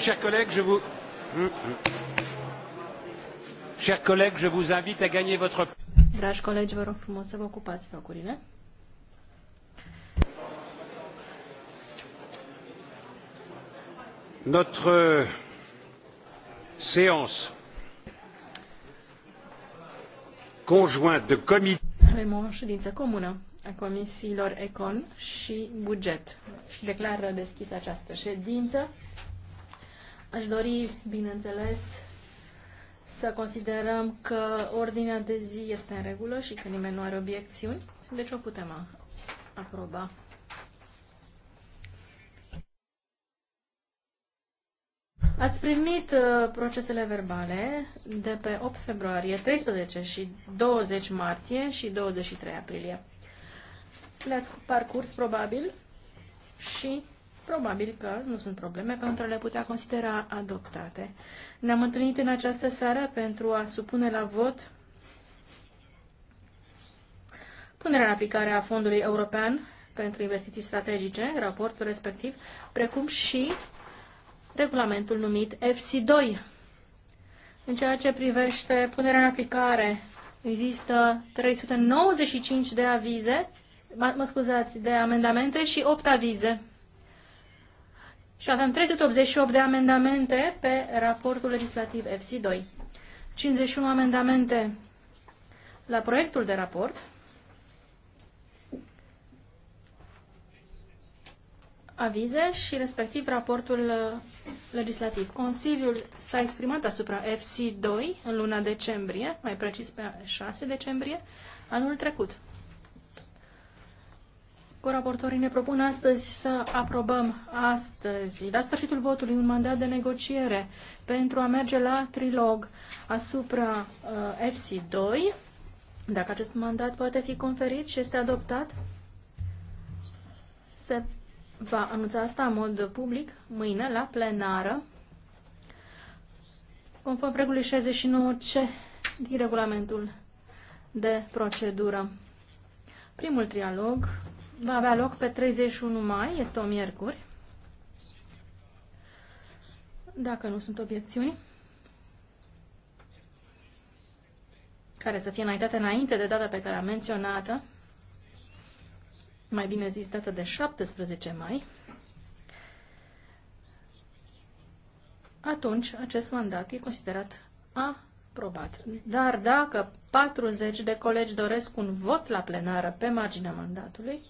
chers collègues, je vous... Chers collègues, je vous invite à gagner votre... Dragi colegi, vă rog frumos să vă ocupați locurile. Notre séance conjointe de comité. ședință comună a comisiilor Econ și Buget. Și declară deschis această ședință. Aș dori, bineînțeles, să considerăm că ordinea de zi este în regulă și că nimeni nu are obiecțiuni, deci o putem aproba. Ați primit uh, procesele verbale de pe 8 februarie, 13 și 20 martie și 23 aprilie. Le-ați parcurs probabil și Probabil că nu sunt probleme pentru a le putea considera adoptate. Ne-am întâlnit în această seară pentru a supune la vot punerea în aplicare a Fondului European pentru Investiții Strategice, raportul respectiv, precum și regulamentul numit FC2. În ceea ce privește punerea în aplicare, există 395 de avize, mă scuzați, de amendamente și 8 avize. Și avem 388 de amendamente pe raportul legislativ FC2. 51 amendamente la proiectul de raport. avize și respectiv raportul uh, legislativ. Consiliul s-a exprimat asupra FC2 în luna decembrie, mai precis pe 6 decembrie, anul trecut. Coraportorii ne propun astăzi să aprobăm astăzi, la sfârșitul votului, un mandat de negociere pentru a merge la trilog asupra uh, FC2. Dacă acest mandat poate fi conferit și este adoptat, se va anunța asta în mod public mâine la plenară, conform regulii 69C din regulamentul de procedură. Primul trialog va avea loc pe 31 mai, este o miercuri. Dacă nu sunt obiecțiuni. Care să fie înaintate înainte de data pe care am menționată. Mai bine zis, data de 17 mai. Atunci, acest mandat e considerat a aprobat. Dar dacă 40 de colegi doresc un vot la plenară pe marginea mandatului,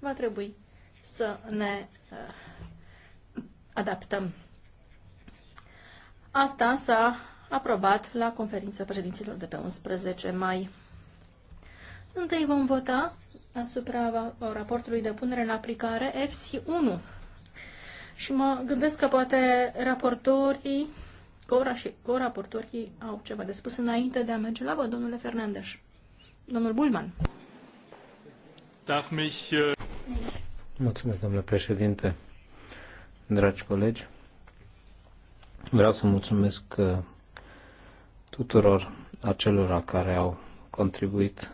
va trebui să ne eh, adaptăm. Asta s-a aprobat la conferința președinților de pe 11 mai. Întâi vom vota asupra raportului de punere în aplicare FC1. Și mă gândesc că poate raportorii, Cora și coraportorii raportorii au ceva de spus înainte de a merge la vot, domnule Fernandes. Domnul Bulman. Darf mich, eh, Mulțumesc, domnule președinte, dragi colegi. Vreau să mulțumesc uh, tuturor acelora care au contribuit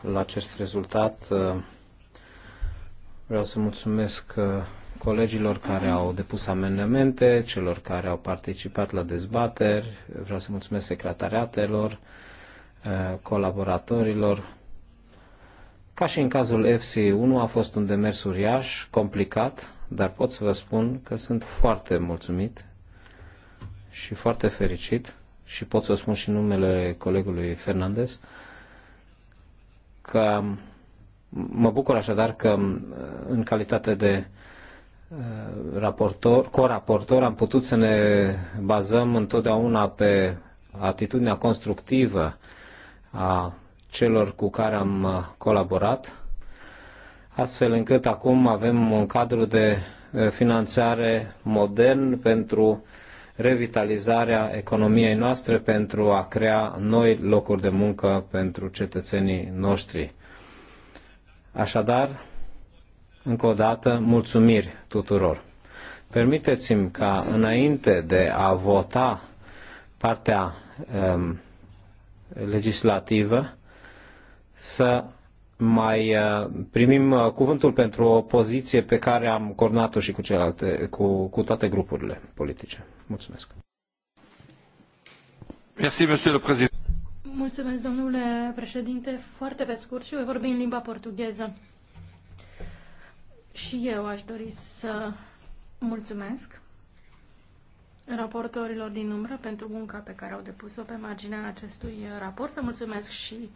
la acest rezultat. Uh, vreau să mulțumesc uh, colegilor care au depus amendamente, celor care au participat la dezbateri, vreau să mulțumesc secretariatelor, colaboratorilor, ca și în cazul FC1 a fost un demers uriaș, complicat, dar pot să vă spun că sunt foarte mulțumit și foarte fericit și pot să spun și numele colegului Fernandez că mă bucur așadar că în calitate de uh, raportor, coraportor am putut să ne bazăm întotdeauna pe atitudinea constructivă a celor cu care am uh, colaborat, astfel încât acum avem un cadru de uh, finanțare modern pentru revitalizarea economiei noastre, pentru a crea noi locuri de muncă pentru cetățenii noștri. Așadar, încă o dată, mulțumiri tuturor. Permiteți-mi ca înainte de a vota partea um, legislativă, să mai uh, primim uh, cuvântul pentru o poziție pe care am coordonat-o și cu, celelalte, cu, cu toate grupurile politice. Mulțumesc. Merci, monsieur le président. Mulțumesc, domnule președinte. Foarte pe scurt și voi vorbi în limba portugheză. Și eu aș dori să mulțumesc raportorilor din umbră pentru munca pe care au depus-o pe marginea acestui raport. Să mulțumesc și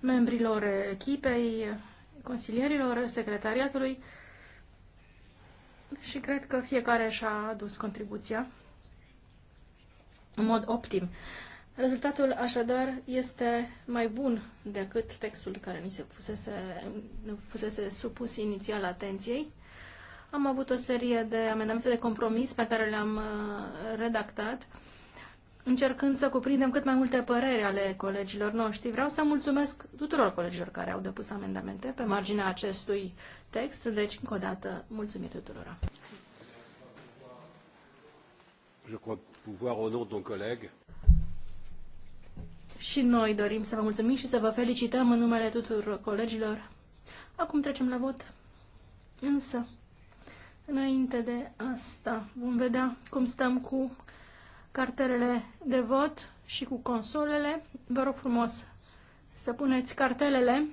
membrilor echipei, consilierilor, secretariatului și cred că fiecare și-a adus contribuția în mod optim. Rezultatul așadar este mai bun decât textul care ni se fusese, fusese supus inițial atenției am avut o serie de amendamente de compromis pe care le-am uh, redactat, încercând să cuprindem cât mai multe păreri ale colegilor noștri. Vreau să mulțumesc tuturor colegilor care au depus amendamente pe marginea acestui text, deci încă o dată mulțumim tuturor. Je crois pouvoir au nom collègue. Și noi dorim să vă mulțumim și să vă felicităm în numele tuturor colegilor. Acum trecem la vot. Însă, Înainte de asta vom vedea cum stăm cu cartelele de vot și cu consolele. Vă rog frumos să puneți cartelele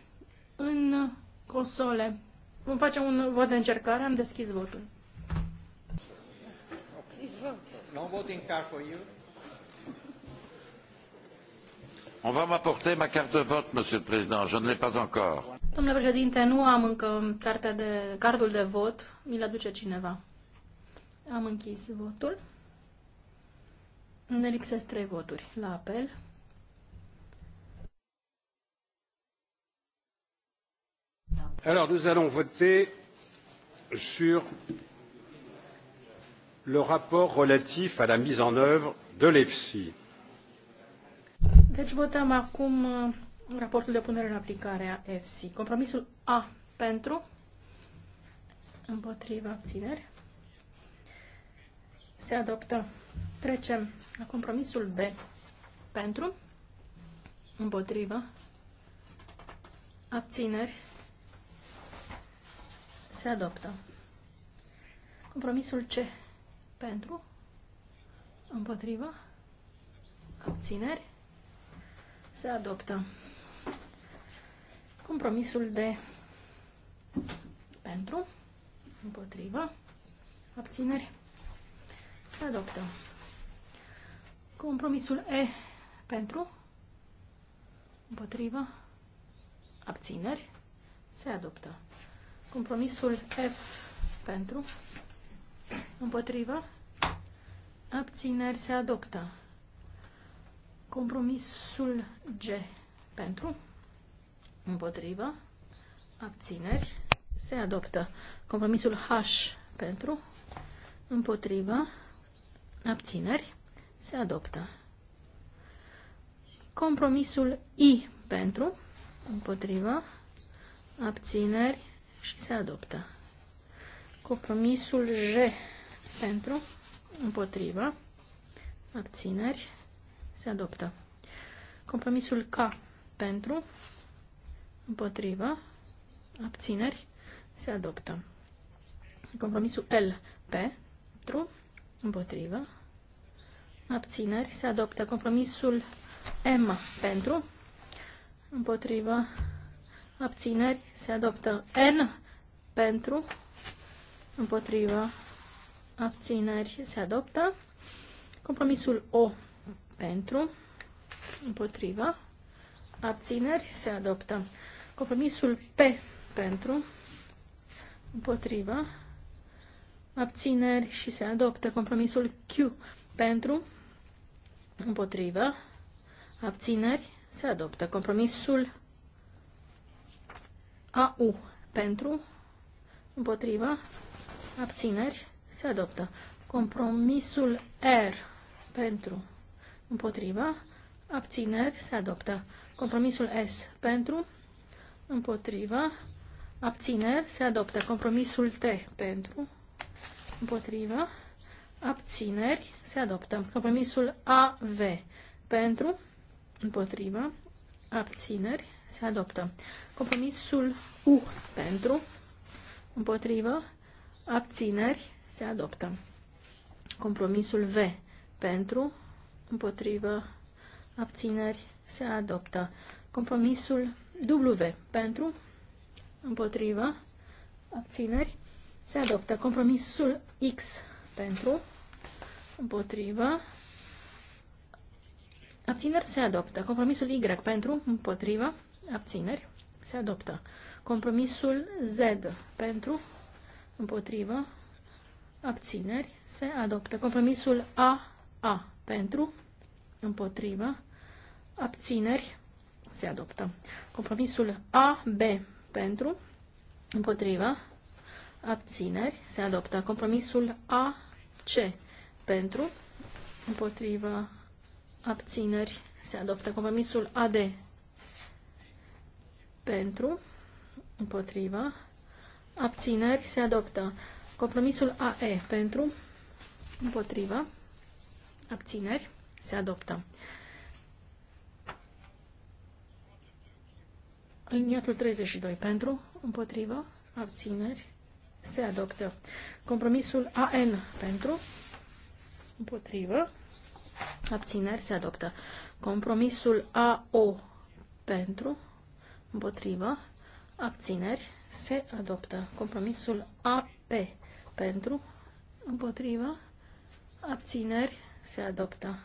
în console. Vom face un vot de încercare. Am deschis votul. On va m'apporter ma carte de vote, Monsieur le Président. Je ne l'ai pas encore. Domnule președinte, nu am încă cartea de, cardul de vot. Mi-l aduce cineva. Am închis votul. Ne lipsesc trei voturi la apel. Alors, nous allons voter sur le rapport relatif à la mise en œuvre de l'EFSI. Deci votăm acum raportul de punere în aplicare a FC. Compromisul A pentru, împotriva abțineri, se adoptă. Trecem la compromisul B pentru, împotriva, abțineri, se adoptă. Compromisul C pentru, împotriva, abțineri, se adoptă. Compromisul de pentru, împotrivă, abțineri, se adoptă. Compromisul E pentru, împotrivă, abțineri, se adoptă. Compromisul F pentru, împotrivă, abțineri, se adoptă. Compromisul G pentru, Împotrivă. Abțineri. Se adoptă. Compromisul H pentru. Împotrivă. Abțineri. Se adoptă. Compromisul I pentru. Împotrivă. Abțineri. Și se adoptă. Compromisul J pentru. Împotrivă. Abțineri. Se adoptă. Compromisul K pentru împotrivă, abțineri, se adoptă. Compromisul L, P, pentru, împotrivă, abțineri, se adoptă. Compromisul M, pentru, împotrivă, abțineri, se adoptă. N, pentru, împotrivă, abțineri, se adoptă. Compromisul O, pentru, împotrivă, Abțineri se adoptă. Compromisul P pentru, împotriva, abțineri și se adoptă. Compromisul Q pentru, împotriva, abțineri, se adoptă. Compromisul AU pentru, împotriva, abțineri, se adoptă. Compromisul R pentru, împotriva, abțineri, se adoptă. Compromisul S pentru, Împotrivă. Abțineri. Se adoptă. Compromisul T pentru. Împotrivă. Abțineri. Se adoptă. Compromisul AV pentru. Împotrivă. Abțineri. Se adoptă. Compromisul U pentru. Împotrivă. Abțineri. Se adoptă. Compromisul V pentru. Împotrivă. Abțineri. Se adoptă. Compromisul W pentru, împotrivă, abțineri, se adoptă. Compromisul X pentru, împotrivă, abțineri, se adoptă. Compromisul Y pentru, împotrivă, abțineri, se adoptă. Compromisul Z pentru, împotrivă, abțineri, se adoptă. Compromisul A, A pentru, împotrivă, abțineri, se adoptă. Compromisul a b pentru, împotrivă, abțineri, se adoptă. Compromisul a c pentru, împotrivă, abțineri, se adoptă. Compromisul a d pentru, împotrivă, abțineri, se adoptă. Compromisul a e pentru, împotrivă, abțineri, se adoptă. Aliniatul 32 pentru, împotrivă, abțineri, se adoptă. Compromisul AN pentru, împotrivă, abțineri, se adoptă. Compromisul AO pentru, împotrivă, abțineri, se adoptă. Compromisul AP pentru, împotrivă, abțineri, se adoptă.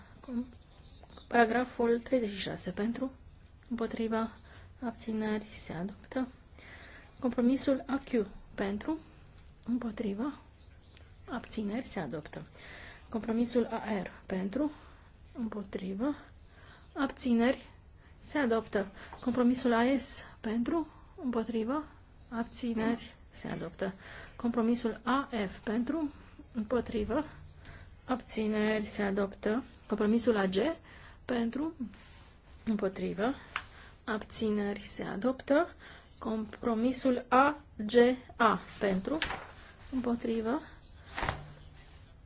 Paragraful 36 pentru, împotriva, abțineri se adoptă. Compromisul AQ pentru, împotriva, abțineri se adoptă. Compromisul AR pentru, împotriva, abțineri se adoptă. Compromisul AS pentru, împotriva, abțineri se adoptă. Compromisul AF pentru, împotriva, abțineri se adoptă. Compromisul AG pentru, împotriva, abțineri se adoptă. Compromisul AGA pentru, împotrivă,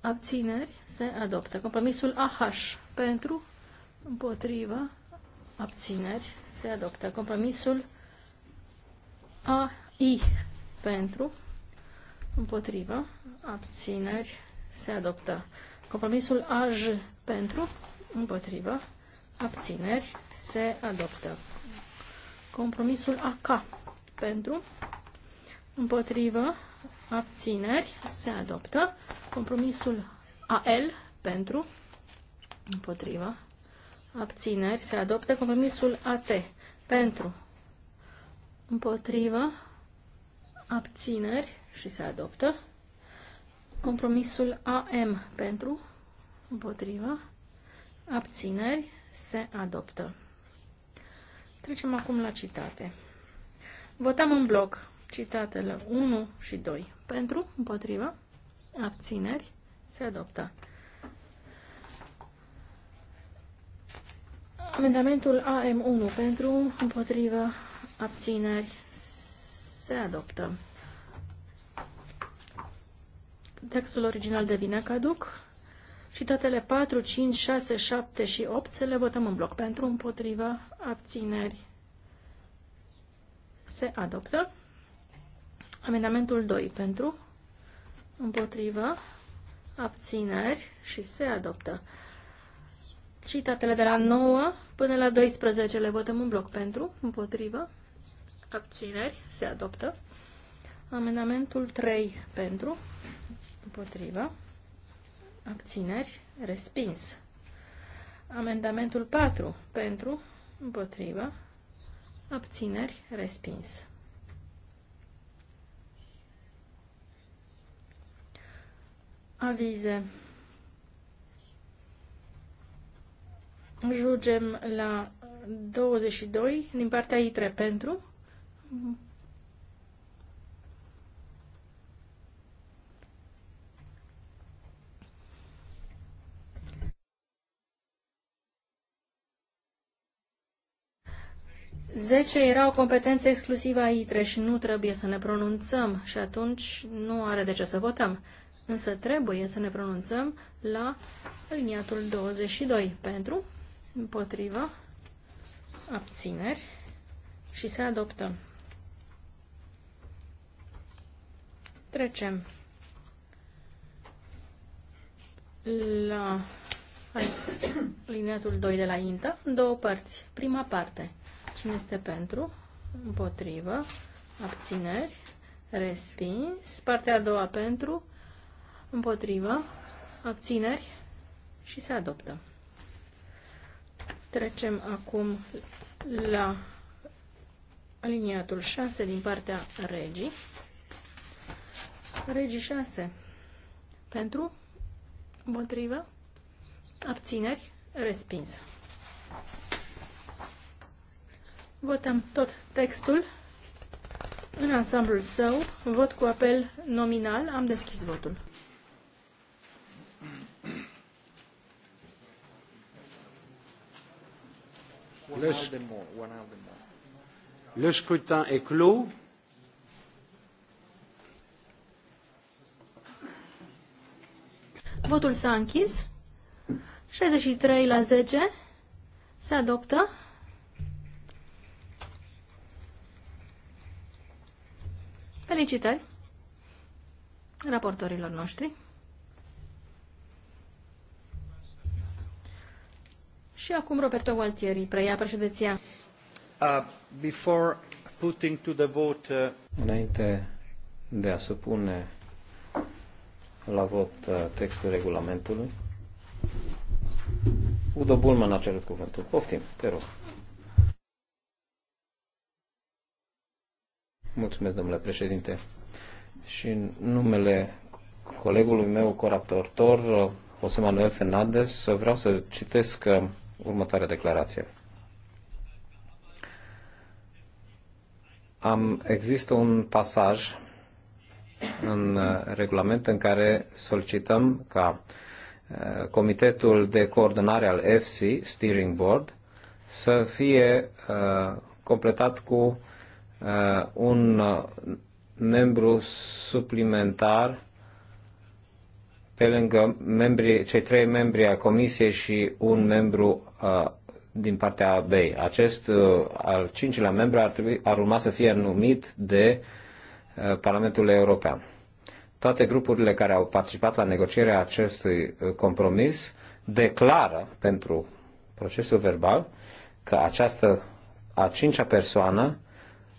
abțineri se adoptă. Compromisul AH pentru, împotrivă, abțineri se adoptă. Compromisul AI pentru, împotrivă, abțineri se adoptă. Compromisul AJ pentru, împotrivă, abțineri se adoptă. Compromisul AK pentru, împotrivă, abțineri, se adoptă. Compromisul AL pentru, împotrivă, abțineri, se adoptă. Compromisul AT pentru, împotrivă, abțineri și se adoptă. Compromisul AM pentru, împotrivă, abțineri, se adoptă. Trecem acum la citate. Votăm în bloc citatele 1 și 2. Pentru, împotriva, abțineri, se adoptă. Amendamentul AM1 pentru, împotriva, abțineri, se adoptă. Textul original devine caduc. Și datele 4, 5, 6, 7 și 8 să le votăm în bloc. Pentru, împotriva, abțineri se adoptă. Amendamentul 2 pentru, împotriva, abțineri și se adoptă. Citatele de la 9 până la 12 le votăm în bloc pentru, împotrivă, abțineri, se adoptă. Amendamentul 3 pentru, împotrivă, abțineri, respins. Amendamentul 4 pentru, împotrivă, abțineri, respins. Avize. Jugem la 22 din partea ITRE pentru, 10 era o competență exclusivă a ITRE și nu trebuie să ne pronunțăm și atunci nu are de ce să votăm. Însă trebuie să ne pronunțăm la aliniatul 22 pentru, împotriva, abțineri și se adoptă. Trecem la aliniatul 2 de la INTA, două părți. Prima parte. Cine este pentru? Împotrivă. Abțineri. Respins. Partea a doua pentru. Împotrivă. Abțineri. Și se adoptă. Trecem acum la aliniatul 6 din partea regii. Regii 6. Pentru. Împotrivă. Abțineri. Respins. Votăm tot textul în ansamblul său. Vot cu apel nominal. Am deschis votul. Le, Le scrutin est clos. Votul s-a închis. 63 la 10 se adoptă. Felicitări raportorilor noștri. Și acum Roberto Gualtieri preia președinția. Uh, before putting to the vote, uh, Înainte de a supune la vot uh, textul regulamentului, Udo Bulman a cerut cuvântul. Poftim, te rog. Mulțumesc, domnule președinte. Și în numele colegului meu, Tor José Manuel Fernandez, vreau să citesc uh, următoarea declarație. Am, există un pasaj în uh, regulament în care solicităm ca uh, Comitetul de Coordonare al FC Steering Board, să fie completat cu Uh, un uh, membru suplimentar pe lângă membri, cei trei membri ai Comisiei și un membru uh, din partea BEI. Acest uh, al cincilea membru ar, trebui, ar urma să fie numit de uh, Parlamentul European. Toate grupurile care au participat la negocierea acestui uh, compromis declară pentru procesul verbal că această a cincea persoană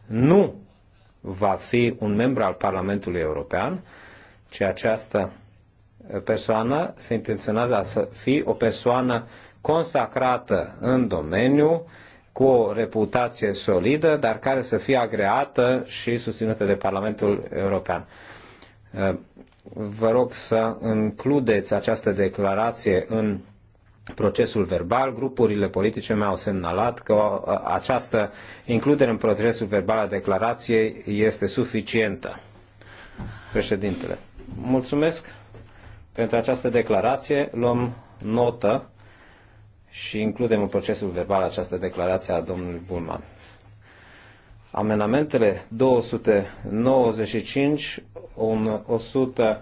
nu va fi un membru al Parlamentului European, ci această persoană se intenționează să fie o persoană consacrată în domeniu, cu o reputație solidă, dar care să fie agreată și susținută de Parlamentul European. Vă rog să includeți această declarație în procesul verbal. Grupurile politice mi-au semnalat că această includere în procesul verbal a declarației este suficientă. Președintele, mulțumesc pentru această declarație. Luăm notă și includem în procesul verbal această declarație a domnului Bulman. Amenamentele 295, 100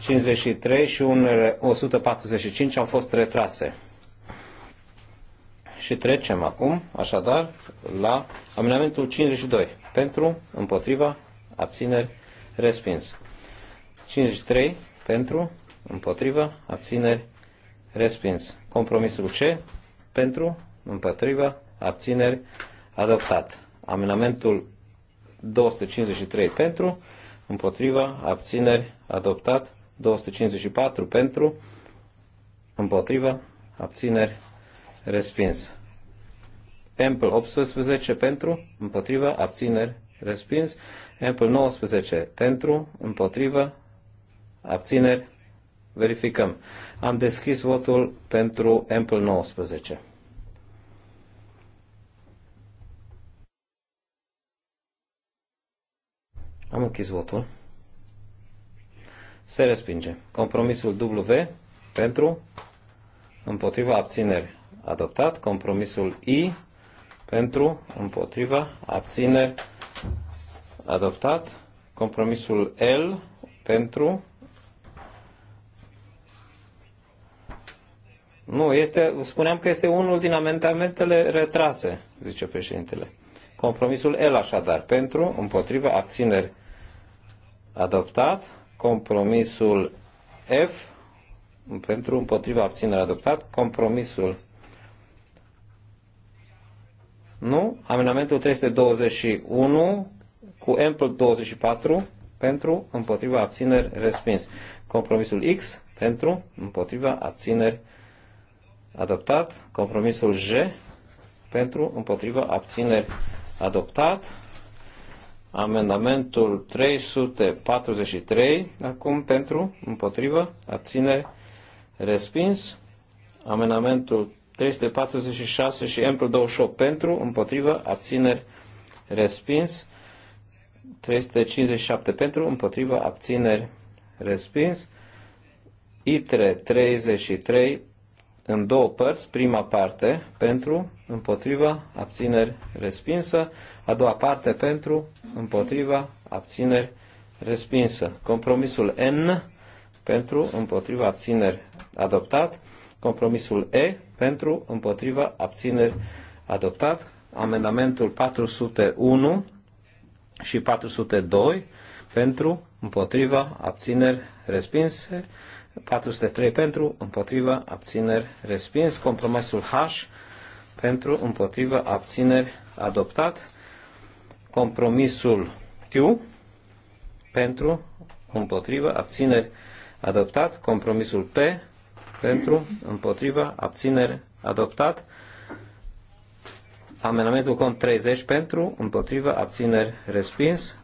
53 uh, și unele 145 au fost retrase. Și trecem acum, așadar, la amendamentul 52. Pentru, împotriva, abțineri, respins. 53 pentru, împotriva, abțineri, respins. Compromisul C, pentru, împotriva, abțineri, adoptat. Amendamentul 253 pentru, împotriva, abțineri, adoptat. 254 pentru, împotriva, abțineri, respins. Ample 18 pentru, împotriva, abțineri, respins. Ample 19 pentru, împotriva, abțineri, verificăm. Am deschis votul pentru Ample 19. Am închis votul. Se respinge. Compromisul W pentru, împotriva abțineri adoptat. Compromisul I pentru, împotriva abțineri adoptat. Compromisul L pentru, Nu, este, spuneam că este unul din amendamentele retrase, zice președintele. Compromisul L, așadar, pentru, împotriva, abțineri adoptat. Compromisul F pentru împotriva abținere adoptat. Compromisul nu. amenamentul 321 cu M 24 pentru împotriva abțineri respins. Compromisul X pentru împotriva abțineri adoptat. Compromisul J pentru împotriva abțineri adoptat. Amendamentul 343, acum pentru, împotrivă, abține, respins. Amendamentul 346 și M 28 pentru, împotrivă, abțineri, respins. 357 pentru, împotrivă, abțineri, respins. ITRE 33 în două părți, prima parte pentru, împotriva, abțineri, respinsă, a doua parte pentru, împotriva, abțineri, respinsă. Compromisul N pentru, împotriva, abțineri, adoptat. Compromisul E pentru, împotriva, abțineri, adoptat. Amendamentul 401 și 402 pentru, împotriva, abțineri, respinse. 403 pentru, împotriva, abțineri, respins. Compromisul H pentru, împotriva, abțineri, adoptat. Compromisul Q pentru, împotriva, abțineri, adoptat. Compromisul P pentru, împotriva, abțineri, adoptat. Amenamentul cont 30 pentru, împotriva, abțineri, respins.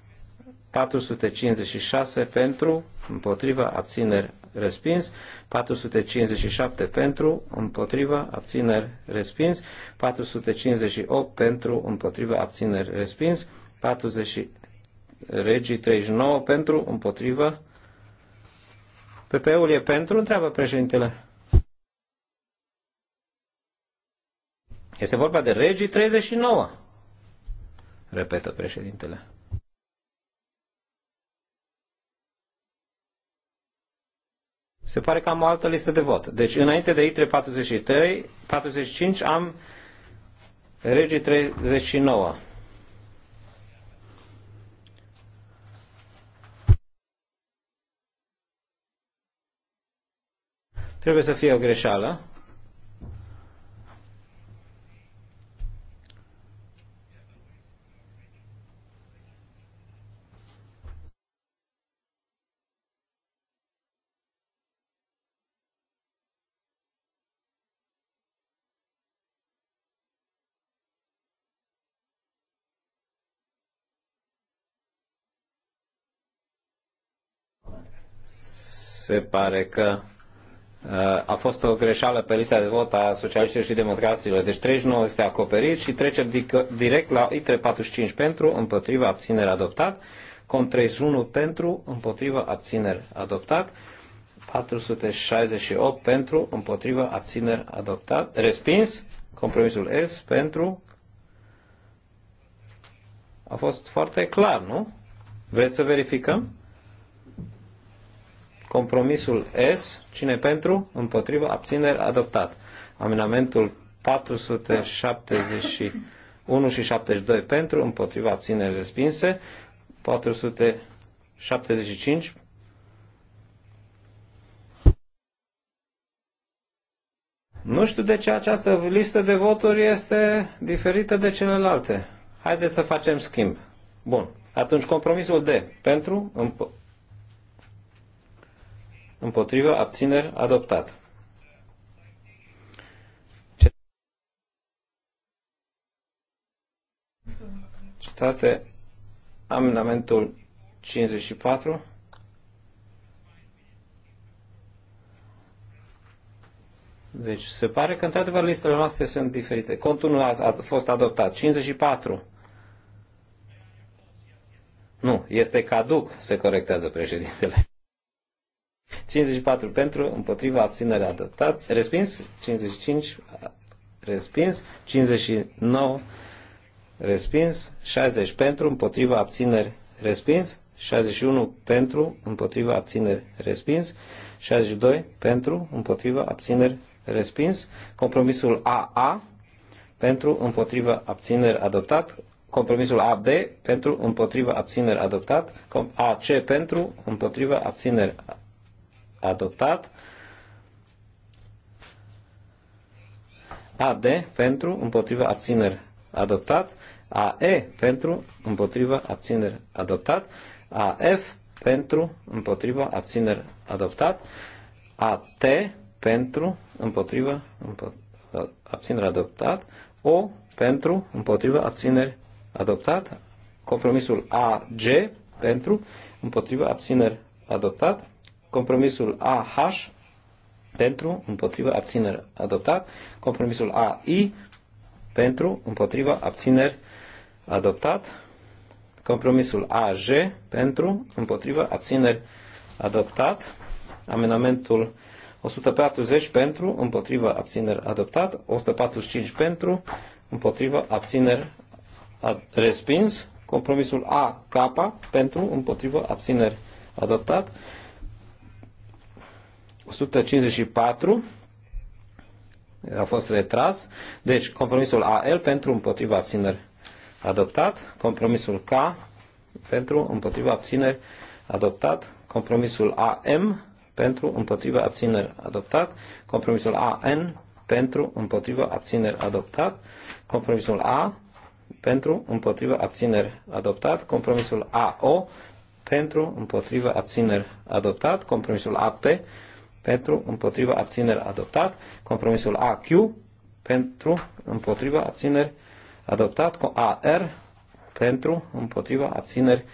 456 pentru, împotriva, abțineri, respins, 457 pentru, împotriva, abțineri, respins, 458 pentru, împotriva, abțineri, respins, 40, regii 39 pentru, împotriva. PP-ul e pentru, întreabă președintele. Este vorba de regii 39, repetă președintele. Se pare că am o altă listă de vot. Deci, înainte de ITRE 43, 45, am Regii 39. Trebuie să fie o greșeală. se pare că uh, a fost o greșeală pe lista de vot a socialiștilor și democraților. Deci 39 este acoperit și trecem direct la ITRE 45 pentru, împotriva, abținere adoptat. Com 31 pentru, împotriva, abțineri adoptat. 468 pentru, împotriva, abțineri adoptat. Respins. Compromisul S pentru. A fost foarte clar, nu? Vreți să verificăm? Compromisul S, cine pentru, împotrivă, abțineri, adoptat. Amendamentul 471 și 72 pentru, împotriva, abțineri, respinse. 475 Nu știu de ce această listă de voturi este diferită de celelalte. Haideți să facem schimb. Bun. Atunci compromisul D. Pentru, împ- împotrivă, abțineri, adoptat. Citate amendamentul 54. Deci se pare că într-adevăr listele noastre sunt diferite. Contul nu a, fost adoptat. 54. Nu, este caduc, se corectează președintele. 54 pentru, împotriva, abținere adoptat, respins, 55 respins, 59 respins, 60 pentru, împotriva, abțineri respins, 61 pentru, împotriva, abțineri respins, 62 pentru, împotriva, abțineri respins, compromisul AA pentru, împotriva, abțineri adoptat, compromisul AB pentru, împotriva, abțineri adoptat, AC pentru, împotriva, abțineri adoptat adoptat. AD pentru împotriva abțineri adoptat. AE pentru împotriva abțineri adoptat. AF pentru împotriva abțineri adoptat. AT pentru împotriva abțineri adoptat. O pentru împotriva abțineri adoptat. Compromisul AG pentru împotriva abțineri adoptat. Compromisul AH pentru, împotriva, abțineri adoptat. Compromisul AI pentru, împotriva, abțineri adoptat. Compromisul AJ pentru, împotriva, abțineri adoptat. amenamentul 140 pentru, împotriva, abțineri adoptat. 145 pentru, împotriva, abțineri respins. Compromisul AK pentru, împotriva, abțineri adoptat. 154 a fost retras. Deci compromisul AL pentru împotriva abțineri adoptat, compromisul K pentru împotriva abțineri adoptat, compromisul AM pentru împotriva abțineri adoptat, compromisul AN pentru împotriva abțineri adoptat, compromisul A pentru împotriva abțineri adoptat, compromisul AO pentru împotriva abțineri adoptat, compromisul AP pentru, împotriva, abțineri, adoptat. Compromisul AQ, pentru, împotriva, abțineri, adoptat. AR, pentru, împotriva, abțineri,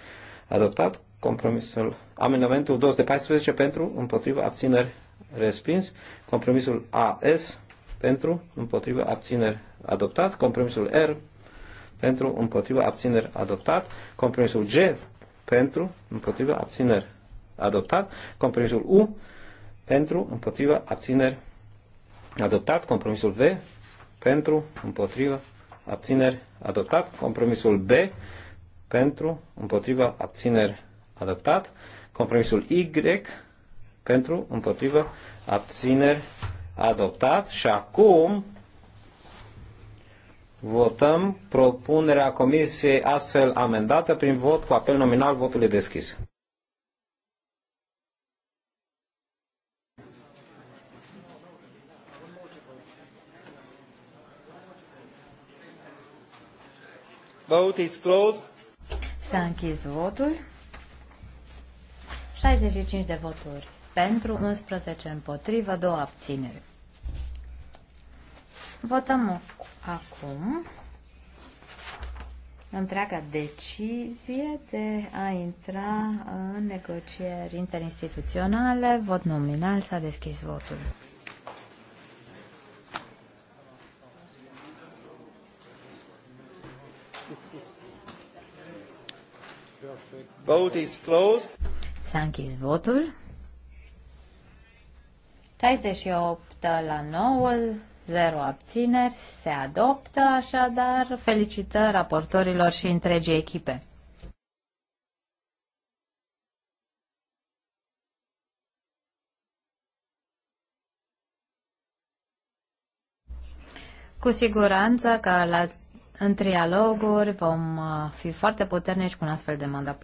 adoptat. Compromisul, amendamentul 214 pentru, împotriva, abțineri, respins. Compromisul AS, pentru, împotriva, abțineri, adoptat. Compromisul R, pentru, împotriva, abțineri, adoptat. Compromisul G, pentru, împotriva, abțineri, adoptat. Compromisul U, pentru, împotriva, abțineri, adoptat. Compromisul V, pentru, împotriva, abțineri, adoptat. Compromisul B, pentru, împotriva, abțineri, adoptat. Compromisul Y, pentru, împotriva, abțineri, adoptat. Și acum votăm propunerea comisiei astfel amendată prin vot cu apel nominal. Votul deschis. Vote is closed. S-a închis votul. 65 de voturi pentru, 11 împotriva, 2 abțineri. Votăm acum întreaga decizie de a intra în negocieri interinstituționale. Vot nominal s-a deschis votul. Vote is closed. S-a închis votul. 68 la 9, 0 abțineri, se adoptă, așadar felicitări raportorilor și întregii echipe. Cu siguranță că la în trialoguri vom uh, fi foarte puternici cu un astfel de mandat.